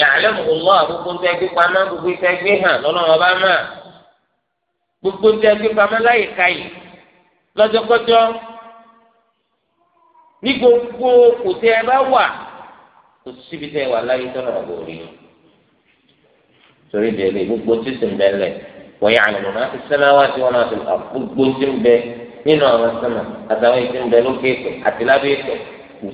yàlẹ́mu ọlọ́ àgbogbo ń tẹ́ gbé pamọ́ gbogbo ń tẹ́ gbé hàn lọ́nà ọba mọ́ gbogbo ń tẹ́ gbé pamọ́ láyè káyè lọ́jọ́kọ́jọ́ ní gbogbo kò tẹ́ ẹ bá wà kò síbi tẹ́ ẹ wà láyé tọ́nà ọ̀gbọ̀n rí torí délé gbogbo tí sì ń bẹ́lẹ̀ wọ́n yà àlùmọ́ náà ti wá sí wọn àti gbogbo tí bẹ nínú àwọn sẹ́nà àtàwọn ìtì ń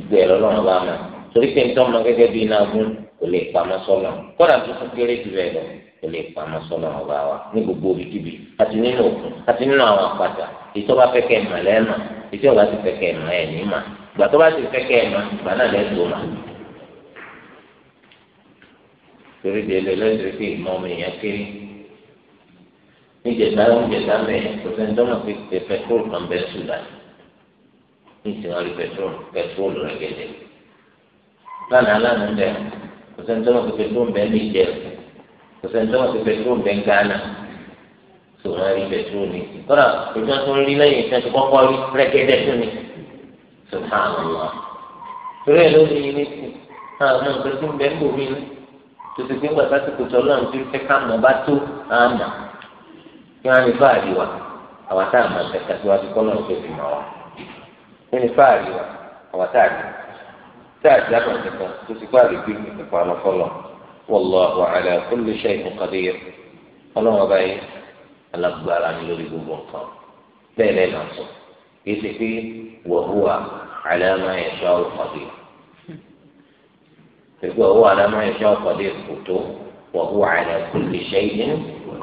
bẹ lókè torí pé nítorí ọmọ gẹ́gẹ́ bíi iná gún kò lè pamọ́ sọ́nà kọ́dà tó fún kéré jù bẹ́ẹ̀ lọ kò lè pamọ́ sọ́nà ọba wa ní gbogbo ibikíbi àti nínú òkun àti nínú àwọn àpàtà ìtọ́ba fẹ́kẹ́ ìmọ̀ lẹ́ẹ̀mà ìtọ́ba ti fẹ́kẹ́ ìmọ̀ ẹ̀ níma ìgbà tó bá ti fẹ́kẹ́ ìmọ̀ ìgbà náà lẹ́ẹ̀ tó ma. torí de lè lọ́sọ̀rọ̀ pé ìmọ̀ ọmọ èèyàn kéré níjẹ̀dá níjẹ̀dá mẹ́ẹ̀ kò sẹ́ni tó mọ̀ pé pẹtrol kan bẹ́ẹ̀ sùdà ní ìsìn wọn rí pẹtrol pẹtrol rẹ̀ gẹ́gẹ́ lánàá lánàá ń bẹ kò sẹ́ni tó náà kò fẹ́ tó ń bẹ ní ìjẹ kò sẹ́ni tó náà kò fẹ́ tó ń bẹ ń gánà tó wọn rí bẹtúrò ní kódà ìjọ tó ń rí lẹ́yìn ìjọ tó kọ́kọ́ rí rẹ́gẹ́dẹ́ tó ní subhanallah torí ẹ̀ ló ní ilé sí àwọn ọmọ nǹkan tó ń bẹ ń bò mí ní tó ti gbé gbàgbá tó kò tọ́ lọ́run tó ń fẹ́ ká mọ̀ bá tó àmà kí wọ́n á ní fáàrí wa àwa tá àmà tẹ̀ka síwájú kọ́ lọ́run tó fi mọ̀ wa fáàrí wa àwa tá tá a dábàá nìkan tó ti gbá àlejò ní ìpamọ́ fọlọ́ wallahu ala kulli shay'in qadir ọlọ́wọ́ báyìí alágbára ni lórí gbogbo nǹkan bẹ́ẹ̀ lẹ́ẹ̀ náà sọ kì í ṣe pé wa huwa ala ma yasha'u qadir pẹ̀lú ọwọ́ ala ma yasha'u qadir kò tó wa huwa ala kulli shay'in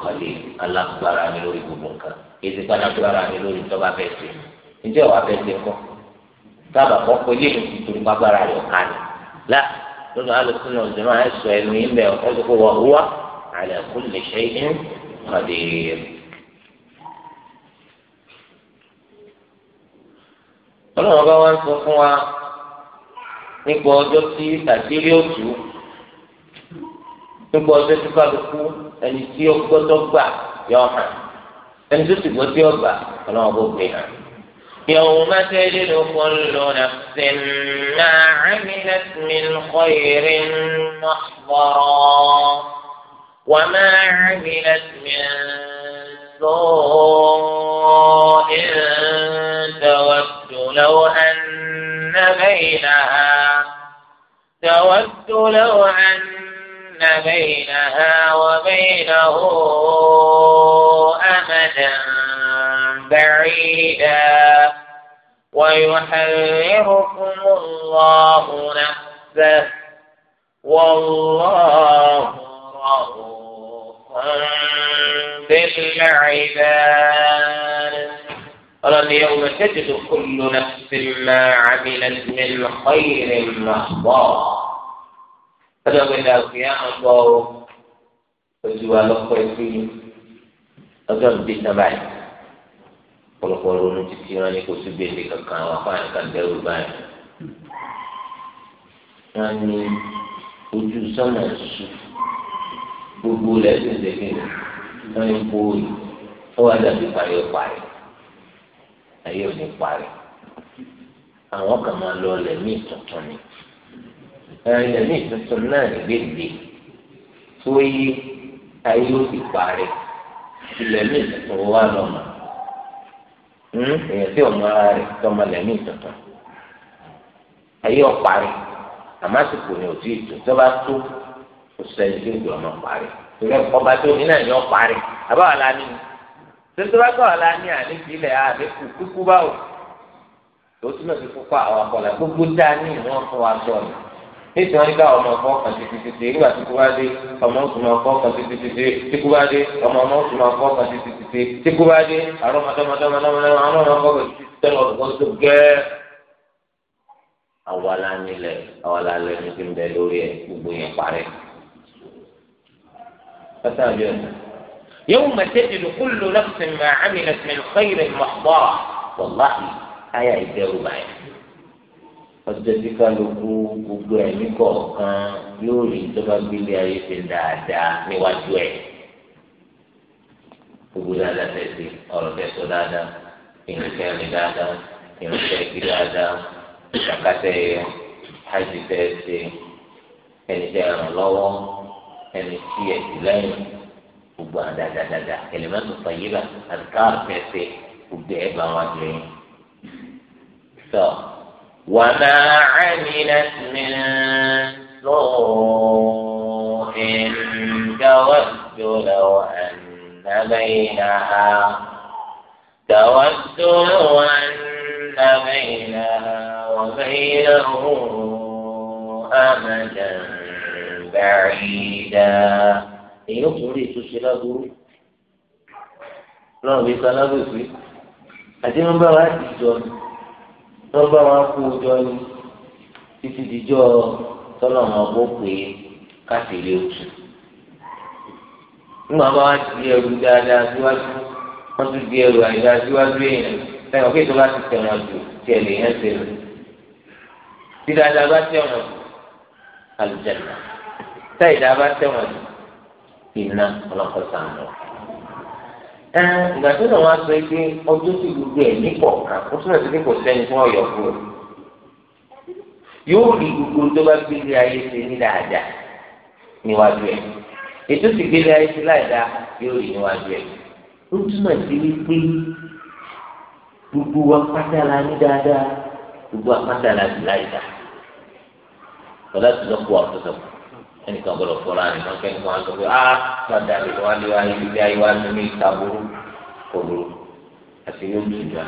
qadir alágbára ni lórí gbogbo nǹkan kì í ṣe pé alágbára ni lórí tọ́ba fẹ́ẹ́ ṣe ǹjẹ́ wàá fẹ́ẹ́ ṣe kọ́ sábà kọ́kọ́ ilé ìlú ti torí pàgbára rẹ̀ ọ̀ka ni la lọ́dọ̀ alùpùpù náà ọ̀dùnmọ́ àìsàn ẹnu ilẹ̀ ọ̀kọ́ tó kó wọ owó àlẹ́ kó lè ṣe é kàdé. ọlọ́run bá wá ń sọ fún wa nípa ọjọ́ tí tàbírí òtù nípa ọjọ́ tí kálukú ẹni tí ó gbọ́dọ̀ gbà yọ hàn ẹni tó sì gbọ́dọ̀ gbà ọlọ́run bó gbé hàn. يوم تجد كل نفس ما عملت من خير محضرا وما عملت من سوء تود لو أن بينها تود لو أن بينها وبينه أمدا بعيدا ويحذركم الله نفسه والله رؤوف بالعباد قال يوم تجد كل نفس ما عملت من خير محضرا فلو إلى القيامة الله فجوا لقيتي اجر بالنبات ọ̀pọ̀lọpọ̀ ronú títí wọn ní kò sí gbèsè kankan àwọn afáàní kan dẹ́rù báyìí wọn ní ojú sọ́nà ṣù gbogbo lẹ́sìn lẹ́sìn wọn ní bóyì ó wá dàbí parí parí ayé ò ní parí àwọn kan máa lọ lẹ́mí tuntun ni lẹ́mí tuntun náà ní gbèdé tó yí ayé ó sì parí ilẹ̀ tuntun wà lọ́mọ. Hmm? èèyàn tí ọmọ ara rẹ̀ tọmọ lẹ́mí tuntun ayé ọ̀parí àmọ́ àsìkò ni òtí ètò tó bá tó òṣìṣẹ́ ilé ìgbà ọmọ parí ìwé ọba tó ní náà ni ó parí àbáwá la ní tuntun bá kọ́ ọ̀la ní àlékí ilẹ̀ àlékù kúkú báwò tó túnbọ̀ sí kúkú àwọn akọ̀là gbogbo dání ìwọ̀n fún wa sọ̀rọ̀ nítorí wọn ní káwọn ọmọ ọkọ kan títí títí nígbà tí kú bá dé ọmọ oṣù máa kọ kan títí títí tí kú bá dé ọmọ ọmọ oṣù máa kọ kan títí títí tí kú bá dé àrùn mọtọmọtọmọtọmọtọmọ àwọn ọmọ ọkọ kan títí tẹlẹ ọdún tó gẹ. awala nílẹ̀ awala lẹ ní ti ń bẹ lórí ẹ gbogbo yẹn parẹ́. يوم تجد كل نفس ما عملت من خير محضرة والله آية الدار معي ọjọ́ tí kálukú gbogbo ẹ̀mí kọ̀ọ̀kan yóò rí ìjọba gbélé ayé ṣe dáadáa níwájú ẹ̀ gbogbo dáadáa tẹ̀sí ọ̀rọ̀ tẹ̀sọ́ dáadáa ìrìnsẹ̀ rìn dáadáa ìrìnsẹ̀ kí dáadáa ìṣàkátẹ̀ ẹ̀yọ hajj tẹ̀sí ẹni tẹ̀ ràn lọ́wọ́ ẹni tí ẹ̀ sì lẹ́yìn gbogbo àdáadáa ẹlẹ́mẹ́tò fàyílà àti káàpẹ̀sẹ̀ gbogbo ẹ̀ bá wájú yín. وما عملت من سوء تود لو أن بينها تود لو أن بينها وبينه أمدا بعيدا يقول لي تشرب لو بيطلبوا فيه أتمنى بقى تجوني wọ́n bá wọn kú ọjọ́ ni títí dijọ́ tọ́lọ́mọ ọgbó pé káṣílẹ̀ òtù nígbà bá wá di ẹrù dáadáa síwájú wọ́n tún di ẹrù àìdáa síwájú èèyàn lẹ́yìn ọ̀kẹ́ ìjọba ti tẹ̀wọ̀n jù tí ẹ̀ lè yẹn ṣe lò tí bá tẹ̀wọ̀n jù àlùjànnà táyì bá tẹ̀wọ̀n jù iná ọlọ́kọ̀ọ́sán lọ́kọ̀ọ́ ẹ ìgbà tó náà wá sọ pé ọjọ́ tí gbogbo ẹ̀ ní kọ̀ọ̀kan ó túnbọ̀ sí pé kò sẹ́ni fún ọ̀yọ́ fún ọ. yóò rí gbogbo tó bá gbélé ayé ṣe ní dáadáa níwájú ẹ̀ ètò sì gbélé ayé ṣe láìdáa yóò rí níwájú ẹ̀. ó túnbọ̀ sí pé gbogbo wa pátá la ní dáadáa gbogbo wa pátá la láìdáa. ọ̀dà tó lọ́kọ̀ ọ̀tọ̀tọ̀ kù ẹnìkan gbọ́dọ̀ fọlá nìkan kẹ́ni kan sọ pé a gbàdá lè wá lé wá ibi bí ayé wá nínú ìta burú kò burú àti yóò tù jà.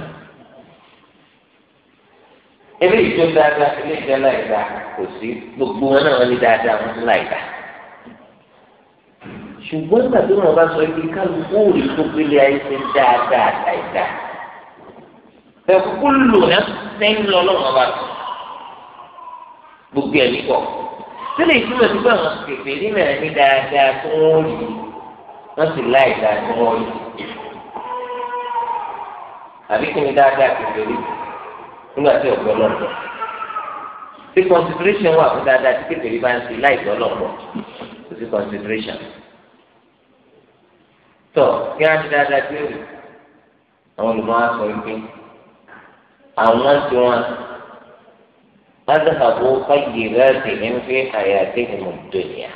ilé ìjọ dáadáa ilé ìjọ láìda kò sí gbogbo wọn náà wọn ní dáadáa wọn ní láìda. ṣùgbọ́n nígbà tí wọn bá sọ ibi kálukú òòlù tó gbélé ayé ṣe ń dáadáa láìda. ẹ̀kú kúlù náà sẹ́yìn lọ́lọ́run ọba gbogbo ẹ̀ nígbà sílẹ̀ ìtumọ̀ tó bá wọn kèké rí náà ní dáadáa tó wọ́n rí wọ́n sì láì dáa tó wọ́n rí àbí kí ni dáadáa kèké rí nígbà tí ọ̀gbọ́n náà lọ tí consideration wà fún dáadáa tí kèké rí bá ń ṣe láì gbọ́ lọ́pọ̀ kò sí consideration tọ kí á ní dáadáa tí rí àwọn olùmọ̀ á sọ wípé àwọn tí wọ́n á. أذهبوا طيباتهم في حياتهم الدنيا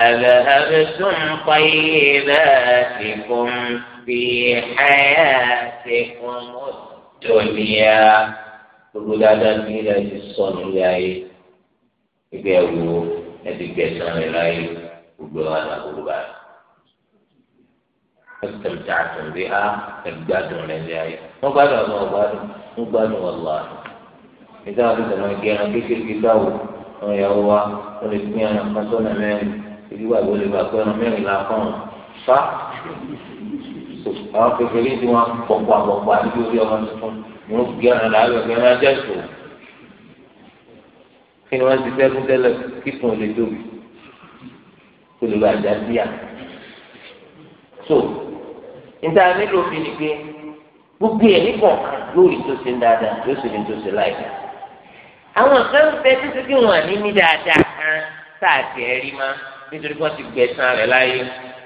أذهبتم طيباتكم في حياتكم الدنيا تقول هذا الميلاد الصن إلى أيه؟ إذا يقولوا نبي قسم إلى أيه؟ وقال هذا استمتعتم بها ابدادوا لله مبارك الله مبارك والله ìdá àdúgbò máa gé ẹran kékeré dáwò àwọn ìyàwó wa wọn lè pín ẹran kan sọ́nà mẹ́rin ìdí wà lórí ìgbà pé ẹran mẹ́rin la kàn án fa àwọn kékeré tí wọn pọpọ àpọpọ àdúgbò orí ọmọ tuntun ni wọn gé ẹran làálẹ gé ẹran ajá ìṣòro kí ni wọn ti sẹ́kún tẹ́lẹ̀ kíkùn lè tóbi kó lè bá ajá síyà so níta nílò fi ni pé gbogbo ẹ̀ nígbọ̀n lórí tó ṣe ń dáadáa yóò ṣe ní tó ṣe láìpẹ́ àwọn kan bẹ títí kí wọn ní ní dáadáa kan sáàtì ẹ rí ma nítorí wọn ti gbẹ̀san rẹ̀ láyé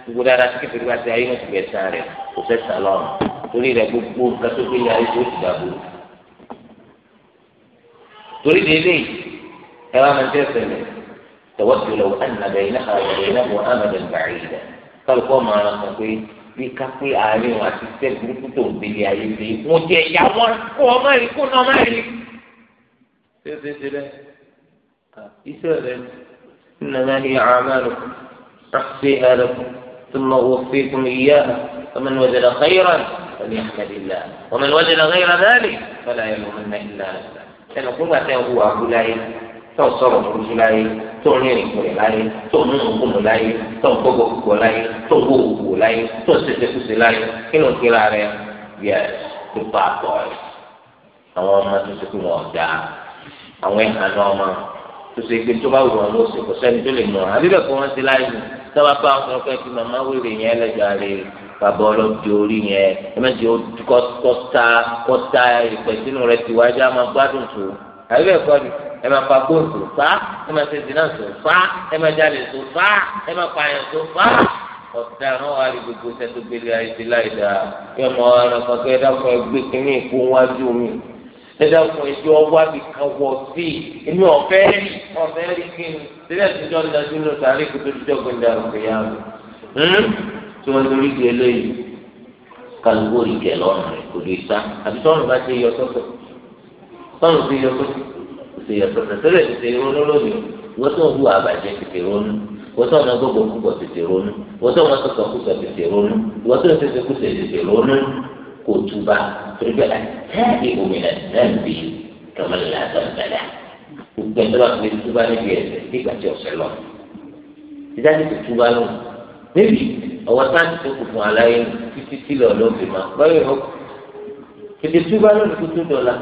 gbogbo dáadáa tí kẹfẹ bá ti ayé wọn ti gbẹ̀san rẹ̀ kò fẹ́ sàn lọ́rùn torí rẹ̀ gbogbo nǹkan tó gbé ní ayé tó ti dàbò torí délé ẹ wá máa ń tẹ̀sẹ̀ lẹ̀ tọwọ́ ti lọ ànàbẹ̀ iná àwọ̀ iná wọn àmàlẹ̀ bàrí rẹ̀ kálukọ́ máa ràn kàn pé bí kápé àárín wọn àti tẹ́ burúkú tó ń gbélé ayé pé wọ́n ti ẹ̀yà wọn kó ọmọ إنما هي أعمالكم أحصيها لكم ثم أوفيكم إياها فمن وجد خيرا فليحمد الله ومن وجد غير ذلك فلا يلومن إلا نفسه لأن كل ما تنبو أبو لاي تنصر أبو لاي تعنير أبو لاي تؤمن أبو لاي تنقب أبو العين تنبو أبو لاي تنصر أبو لاي إنه كلا رأي يأس تبطع طوال أمام ما تنسكم àwọn ìhànà ọmọ tó ṣe pé tó bá wù wọn ló ṣe kò sẹ́ni tó lè mọ̀ àbí bẹ́ẹ̀ kó wọ́n ti láì ní sábà bá wọn fẹ́ fi màmá wèrè yẹn lẹ́jà rè bàbá ọlọ́dẹ orí yẹn ẹ mẹ́tì kọ́tà kọ́tà ìpẹ̀sínú rẹ ti wájú àmọ́ gbádùn tó àbí bẹ́ẹ̀ kọ́ ni ẹ máa fa góòlù tó fá ẹ máa ṣe dínà tó fá ẹ máa jalè tó fá ẹ máa pààyàn tó fá ọ̀daràn wa rí gbogbo sẹ́tọ́gbélé ayé ti láì dáa ọ̀rọ̀ kan kẹ́ ẹgbẹ́ kínní ìkó wájú mi ẹ̀dá kun ẹjọ́ wá bí kan wọ̀ sí i èmi ọ̀fẹ́ rí ọ̀fẹ́ rí kí n sílẹ̀ tíjọ́ ń dájú ló sàárè kó tó tíjọ́ gbẹ̀ndà òkè yá mi. tí wọ́n lórí di eléyìí kálukú ìkẹ́ lọ́rùn rẹ̀ kò lè sá àbí tọ́run bá ti yọ sọ́sọ́ tọ́run ti yọ sọ́sọ́ kò sì yọ sọ́sọ́ sílẹ̀ ti ṣe ronú lónìí wọ́n tó ń hu àbàjẹ́ ti ṣe ronú wọ́n tó ń na gbogbo kúkọ̀ ti ṣe ronú wọ́n tó sọ̀tọ̀ kúkọ̀ ti ṣe ronú wọ́n tó ń ṣe ṣe kúṣe ti ronú kó túbà torí pé àtẹ́ẹ̀dì òmìnira dẹ́ẹ̀bì tọ́mọ̀lá dọ́gbẹ̀lá gbogbo ẹ̀dọ́ àti túbà níbi ẹ̀sẹ̀ nígbà tí ọ̀sẹ̀ lọ. ìdájọ́ ti túbà lọ níbi ọwọ́ táǹtì tó kù fún aláyé títí tí lọ ló fi máa gbọ́ yìí ó tètè túbà lọ́dún tó tó dọ̀la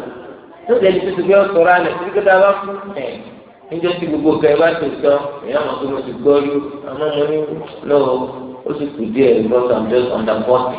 lóde ẹni tó ti gbé ọ̀sọ̀ rà lẹ̀ títí kọ́tà bá fún ẹ̀ níjọ́ tí gbogbo kẹ́ bá tó sọ èèyàn mọ̀ pé mo ti gbọ́ yú àmọ́ mo ní lọ́wọ́ ó sì kù díẹ̀ because I'm just under forty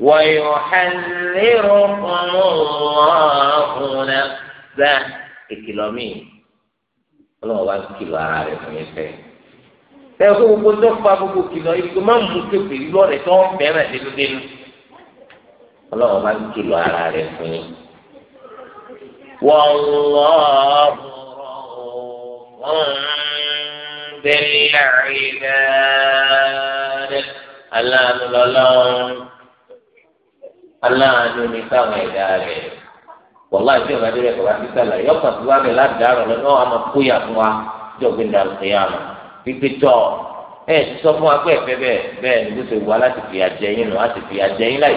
ويحذركم الله نفسه ìkìlọ̀ míì ọlọ́run wá ń kìlọ̀ ara rẹ̀ fún yín fẹ́. ẹ kó gbogbo tó fa gbogbo kìlọ̀ ìgbó má mú kékeré lọ́rẹ̀ tó ń bẹ̀rẹ̀ dénúdénú. ọlọ́run wá ń kìlọ̀ ara rẹ̀ fún yín. والله بالعباد الله aláàánú ni káwọn ẹ̀dá rẹ̀ wọ́lá ìdí ọ̀gá dé rẹ̀ kọ̀ bá ti sàlàyé ọkàn tí wàá bẹ̀ ládàárọ̀ a àmọ́ kóyà fún wa jọ̀gbìn tọ pípé ẹ̀ ti sọ fún wa pé ẹ̀fẹ́ bẹ́ẹ̀ bẹ́ẹ̀ ni bó ṣe wà láti fi àjẹ yín láti fi àjẹ yín láì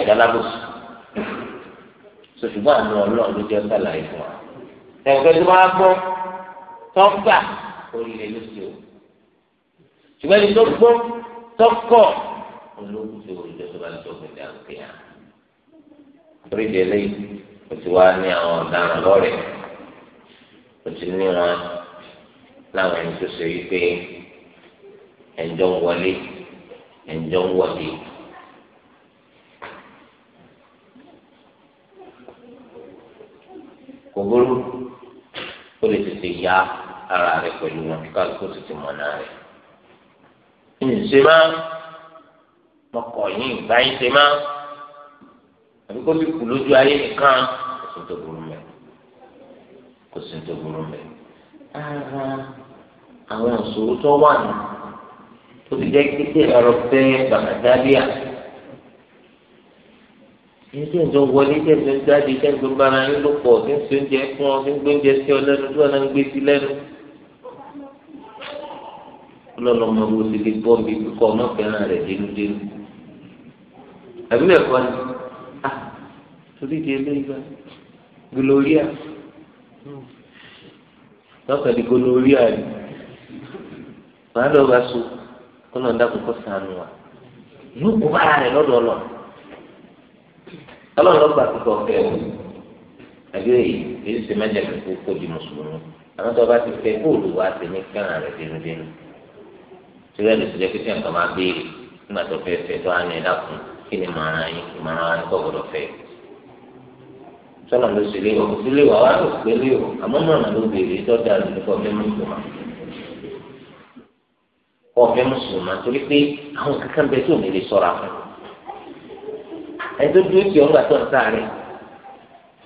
ọlọ́run ló jẹ́ torí délé o ti wá ní àwọn ọ̀daràn lọ́rẹ̀ẹ́ o ti ní wọn láwọn ẹni tó ṣe wípé ẹ̀ńjọ́ ń wọlé ẹ̀ńjọ́ ń wọlé. kòbóró ó lè tètè ya ara rẹ̀ pẹ̀lú wọn kí kálukú tètè mọ̀ náà rẹ̀. ǹṣe máa mọkọ̀ yín ìgbà ṣe máa àbí kó sì kù lójú ayé nìkan kò sí tó burú mẹ kò sí tó burú mẹ ara àwọn òṣòro tó wà nù tó ti jẹ́ kété ọ̀rọ̀ pé bàkàtàbíà ní tí ìjọ wọlé tí ìjọ jáde tí ìjọ bára yín ló pọ̀ tí ń ṣe oúnjẹ fún ọ tí ń gbé oúnjẹ sí ọ lẹ́nu tí wọn ń gbé sí lẹ́nu ọlọ́lọ́mọ wo ti lè bọ́ mi ọmọ fẹ́ràn rẹ̀ dénúdénú àbí ẹ̀kọ́ ni torí di eléyìí bá gloria lọ́kàn di gloria ni màá lọ bá so kọ́nà ńdàkùnkọ́ sànù wa yóò kó bára rẹ̀ lọ́dọ̀ ọ̀lọ́ ọlọ́run lọ́gbà kíkọ́ fẹ́ o àbí èyí ṣe mẹ́jẹ̀ kíkó kó di mùsùlùmí àwọn tó bá ti fẹ́ bóòlù wa ti ní kánà rẹ̀ dénúdénú tí wọ́n lè ṣe jẹ́ pé tí máa béèrè nígbà tó fẹ́ fẹ́ tó á ní ẹ̀dá fún kí ni màá yín kí màá yín kọ́ gbọ́dọ̀ fẹ́ sọlọ ló sì lé òkú sílé wà wá lòkù pé lé o àmọ́ mọ̀nà ló béèrè tọ́jà lórí kọfẹ́ mùsùlùmá kọfẹ́ mùsùlùmá torí pé àwọn kankan bẹ tó nílé sọ̀rọ̀ àwọn ẹni tó dúró tì ọ́ gbà tó ń sáré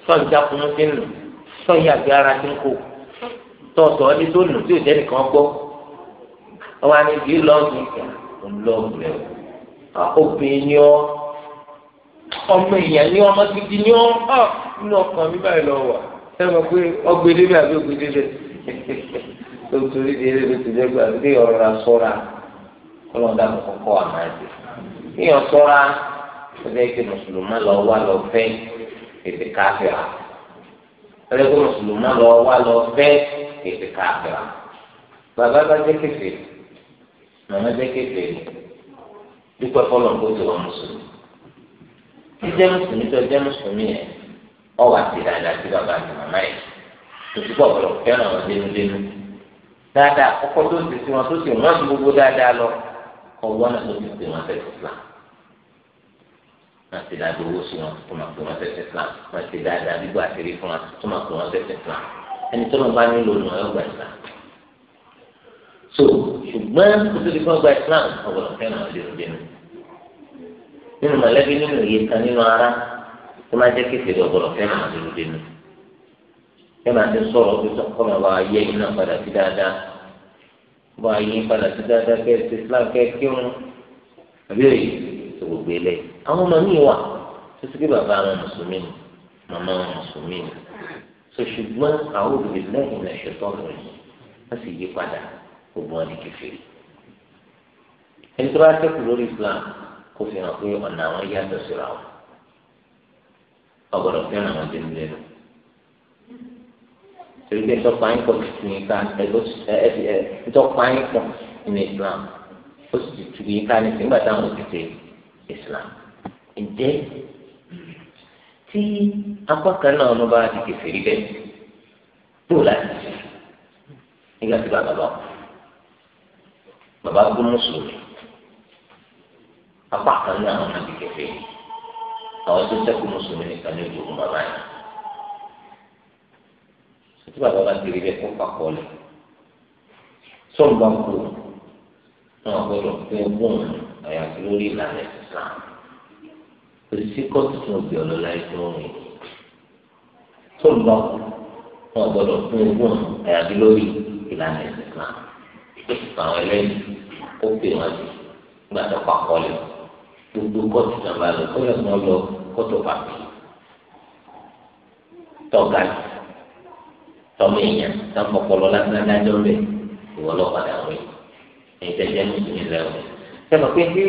sọ ìjà fún un sínú sọ ìyàgbé ara tí ń kó tọ̀tọ̀ ẹni tó nù tí ò jẹ́ nìkan gbọ́ ọba ni kì í lọ́ọ̀gì ọlọ́ọ̀gì rẹ̀ obìnrin ni ọ ọmọ èèyàn ni ọmọ gidi ni ọ nínú ọkàn mi báyìí lọ wà ẹ mọ̀ pé ọgbẹ́ débẹ̀ àbí ọgbẹ́ débẹ̀ tó torí di eré ló ti jẹ́ pé àbí kéèyàn rọra sọ́ra ọlọ́dà mọ̀ kọ́kọ́ àmàdé kéèyàn sọ́ra ó jẹ́ pé mùsùlùmá lọ wá lọ fẹ́ ètè káfíà ẹlẹ́ pé mùsùlùmá lọ wá lọ fẹ́ ètè káfíà bàbá bá jẹ́ kéfè màmá jẹ́ kéfè dúpẹ́ fọlọ́n kó tó wọn mùsùlùmí jíjẹ́ mùsùlùmí tó jẹ́ mùsùlùmí yẹn ọwọ́ àti ìdájà sí bàbá àti màmá yìí tòṣìkò ọ̀pọ̀lọ̀ fẹ́ràn wọn dénúdénú dáadáa ọkọ tó ti sí wọn tó sì wọn ju gbogbo dáadáa lọ ọwọ́ náà tó ti sí wọn fẹ́ Islam wọn ti dáadáa owó sí wọn tó máa pè wọn fẹ́ Islam wọn ti dáadáa bíbọ àṣírí fún wọn tó máa pè wọn fẹ́ Islam ẹni tó lọ bá nílò ní wọn yóò gba so ṣùgbọ́n kótó ti fún ọgbà Islam ọ̀pọ̀lọ̀ fẹ́ràn wọn dénúdénú nínú mọ̀lẹ́bí nínú ìyẹn kan nínú ara tó máa jẹ́ kékeré ọ̀gbọ̀rọ̀ fẹ́ràn àdúródénú ẹ máa ti sọ̀rọ̀ pé sọ́kọ́ máa wá ayé yín náà padà sí dáadáa bọ́ ayé yín padà sí dáadáa kẹ́ ẹ ti Islam kẹ́ ẹ kírun àbí òye tó gbogbo eléyìí àwọn ọmọ mi wà tó sì bàbá àwọn mùsùlùmí ni màmá àwọn mùsùlùmí ni sọ ṣùgbọ́n àwọn òbí lẹ́yìn náà ṣètò ọ̀rọ̀ yìí wọ́n sì yí padà gbogbo wọn ní kẹfìrí ẹni tó bá tẹ́kù lórí Islam kó fi hàn pé ọ̀nà àwọn yàtọ̀ síra wọn ọgbọdọ fẹ́ràn àwọn tẹnu lẹ́nu torí pé tọpa yín pọ̀ tuntun yín ká ẹgbẹ́ tọpa pọ̀ nínú Islam ó sì tutù yín ká ní sígbà táwọn òkèèrè Islam ǹjẹ́ tí apá kan náà ọmọ bá ti kẹfẹ rí bẹ́ẹ̀ tó láti ṣe nígbà tí bàbá bá bàbá gbó mùsùlùmí apá kan náà ọmọ ti kẹfẹ rí àwọn tó sẹ́kù mùsùlùmí nìkan ní ojú ogun bàbá yẹn tí bàbá bá ti rí bẹ́ẹ̀ kó papọ̀ lẹ̀ sọ́ọ̀n bá kú náà gbọ́dọ̀ pé ogún àyàfi lórí ìlànà Islam kò sí kóòtù tí wọ́n gbé ọ lọ́la ẹ̀sìn orin sọ́ọ̀n bá kú náà gbọ́dọ̀ pé ogún àyàfi lórí ìlànà Islam àwọn ẹlẹ́yìn ó pè wọ́n sí gbàdọ̀ papọ̀ lẹ̀ gbogbo kóòtù náà bá lọ kóyọ̀ náà lọ kóòtù pàpì tọ́ga tọ́mọ èèyàn sáfọ̀ pọlọ lásán dájọ́ rẹ̀ ìwọ lọ́padà rẹ̀ ìtẹ̀jẹ́ mùsùlùmí lẹ́wọ̀n. mo pé bí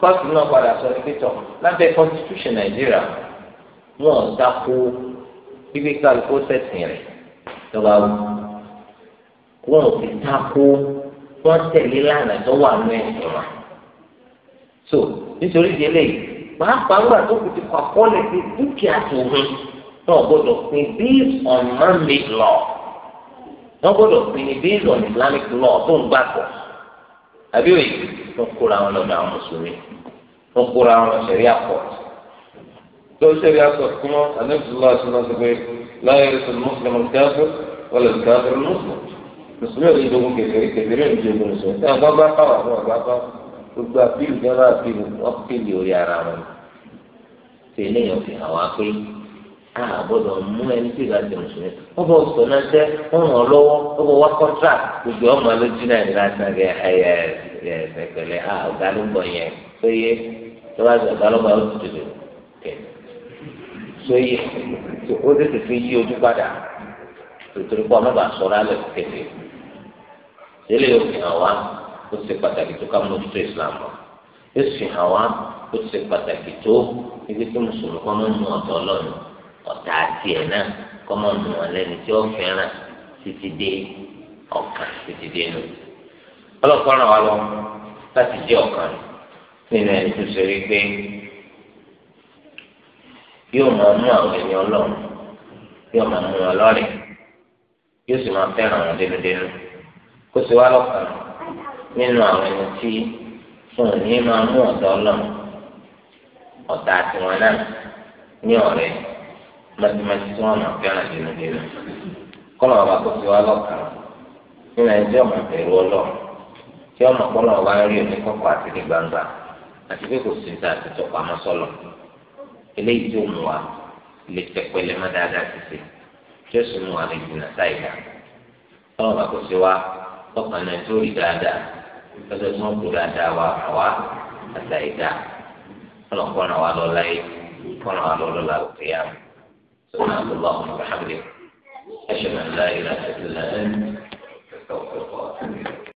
kóòtù náà padà sọ ní pẹ́tọ̀ lábẹ́ constitution nàìjíríà wọn ò dáko bíbí kálukú sẹ̀sìn rẹ̀ lọ́ba wù wọn ò fi dáko wọn tẹ̀lé lánàá tó wà nù ẹ̀sìn wọn so nítorí di eléyìí pàápàá wúrà tó kù ti kọ àkọọ́lẹ̀ pé dúkìá tó hun náà gbọ́dọ̀ pin based on man-made law wọ́n gbọ́dọ̀ pin ní based on Islamic law tó ń gbàgbọ́ àbí òye wọ́n kóra wọn lọ́dọ̀ àwọn mùsùlùmí wọ́n kóra wọn lọ sẹ̀rí àpọ̀ lọ sẹ̀rí àpọ̀ fún wọn àdébùsùlọ́ àti lọ́sọ pé láyé rẹ̀ mùsùlùmí káfíń wọ́n lè káfíń mùsùlùmí mùsùlùmí ò ní gbogbo àbílù jẹ́ bá àbílù wọ́n pèlè orí ara wọn tẹ̀lé yẹn fi hàn wá pé a gbọ́dọ̀ mú ẹni tí ìgbà tẹ̀ mùsùlùmí wọ́n bọ̀ sọ náà jẹ́ wọ́n ràn ọ́ lọ́wọ́ wọ́n bọ̀ wá kọ́ńtrà gbogbo ọmọ lójú náà ní láti náà gẹ ẹyẹ ẹyẹ ẹgbẹ̀lẹ̀ a ọ̀gá ló ń bọ̀ yẹn sóye tó bá sọ ọ̀gá ló bá ó ti tètè kẹ̀ sóye ó tètè yí ojú padà tòtòrí pọ̀ ọmọ bá sọ ọ́ lálẹ́ kẹ̀kẹ́ ó ṣe pàtàkì tó ká mójútó islam wa ó sì hàn wá ó ṣe pàtàkì tó ibi tí mùsùlùmí kọ́ máa ń mú ọ̀tọ̀ ọlọ́run ọ̀tá àti ẹ̀ náà kọ́ máa ń mú wọn lẹ́ni tí ó fẹ́ràn títí dé ọ̀kan títí dé nù. ọlọ́pàá ràn wá lọ láti jẹ́ ọ̀kan nínú ẹni tó ṣe rí pé yóò máa mú àwọn ẹni ọlọ́run yóò máa mú wọn lọ́rẹ̀ yóò sì máa fẹ́ràn wọn dénúdénú kó sì wá lọ́kàn nínú àwọn ẹni tí fún ní máa mú ọ̀dọ́ náà ọ̀tá tiwọn náà ní ọ̀rẹ́ mọ́tímọ́tí tí wọ́n máa fẹ́ràn dínú dínú kọ́lọ̀ ọba kò fi wá lọ́kàn nínú ẹni tí ọmọ bẹ̀rù ọlọ́run tí ọmọ gbangba àti pé kò sí mú wa lè tẹpẹlẹ dáadáa títí tí ó sì mú wa lè jìnnà lọ́sọ̀ tí wọ́n kú dáadáa wa àwa àtàyídá ọlọ́nkọ́nà wa lọ láyé kọ́nà wa lọ lọ́la òkè yá سبحانك اللهم وبحمدك أشهد أن لا إله إلا أنت أستغفرك وأتوب إليك